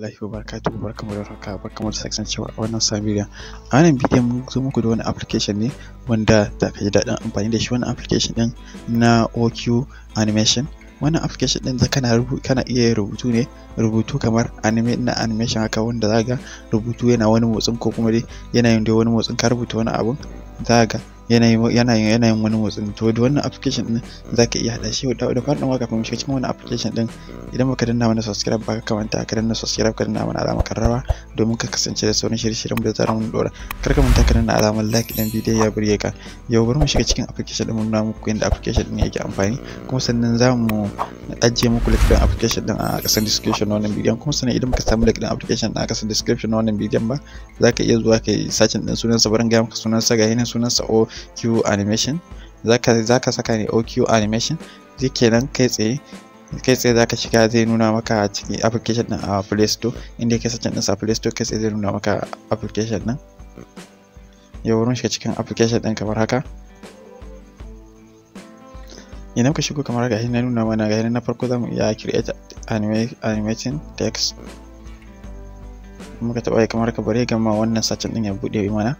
Lahi barkatu barkamu da raka barkamu da saksan cewa a wannan sabiriya a wannan bidiyon mun zo muku da wani application ne wanda za ka ji daɗin amfani da shi wannan application din na OQ animation wannan application ɗin kana kana iya rubutu ne rubutu kamar anime na animation haka wanda za rubutu yana wani motsin ko kuma dai yana yin dai wani motsin ka rubuta wani abun za yanayin yanayin wani motsin to da wannan application din zaka iya hada shi da da kwanan waka kuma shiga cikin wannan application din idan baka danna mana subscribe ba ka kamanta ka danna subscribe ka danna mana alamar karrawa domin ka kasance da sauran shirye-shiryen da zaran mu dora kar ka manta ka danna alamar like idan bidiyon ya burge ka yau bari mu shiga cikin application din mun nuna muku yadda application din yake amfani kuma sannan za mu ajiye muku link din application din a ƙasan description na wannan bidiyon kuma sannan idan baka samu link din application din a ƙasan description na wannan bidiyon ba zaka iya zuwa kai searching din sunan sa barin ga maka sunan sa ga yanayin sunan sa o oh, q animation zaka zaka saka ne oq animation kenan kai tsaye kai tsaye zaka shiga zai nuna maka cikin application din a play store inda kai sace din a play store kai tsaye zai nuna maka application din ya wurin shiga cikin application din kamar haka idan ka shigo kamar gashi na nuna mana gashi na farko zamu iya create animation text muka taɓa kamar ka bare, gama wannan sacin din ya buɗe mana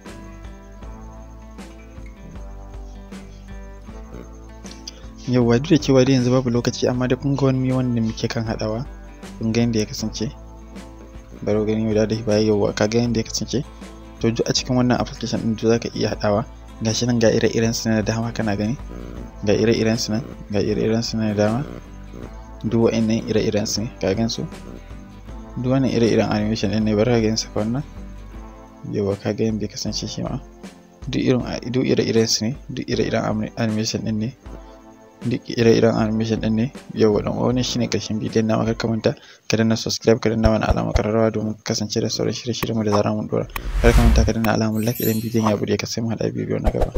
yawwa duk da cewa dai yanzu babu lokaci amma da kun ga wani wanda muke kan haɗawa kun ga yadda ya kasance baro gani da da baya yawwa ka ga yadda ya kasance to duk a cikin wannan application din za ka iya haɗawa ga shi nan ga ire-iren su na dama kana gani ga ire-iren su nan ga ire-iren su na dama duk wa'annan ire-iren su ne ka gan su duk wannan ire-iren animation din ne bari ka gani saka wannan yawwa ka ga yadda ya kasance shi ma duk irin duk ire-iren su ne duk ire-iren animation din ne duk ire-iren animation din ne yau wadon wannan shine karshen bidiyon na maka kamanta ka danna subscribe ka danna wani alama kararrawa domin ka kasance da sauran shirye-shiryen mu da zarar mun dora kar ka manta ka danna alamar like idan bidiyon ya bude ka sai mu hada bidiyo na gaba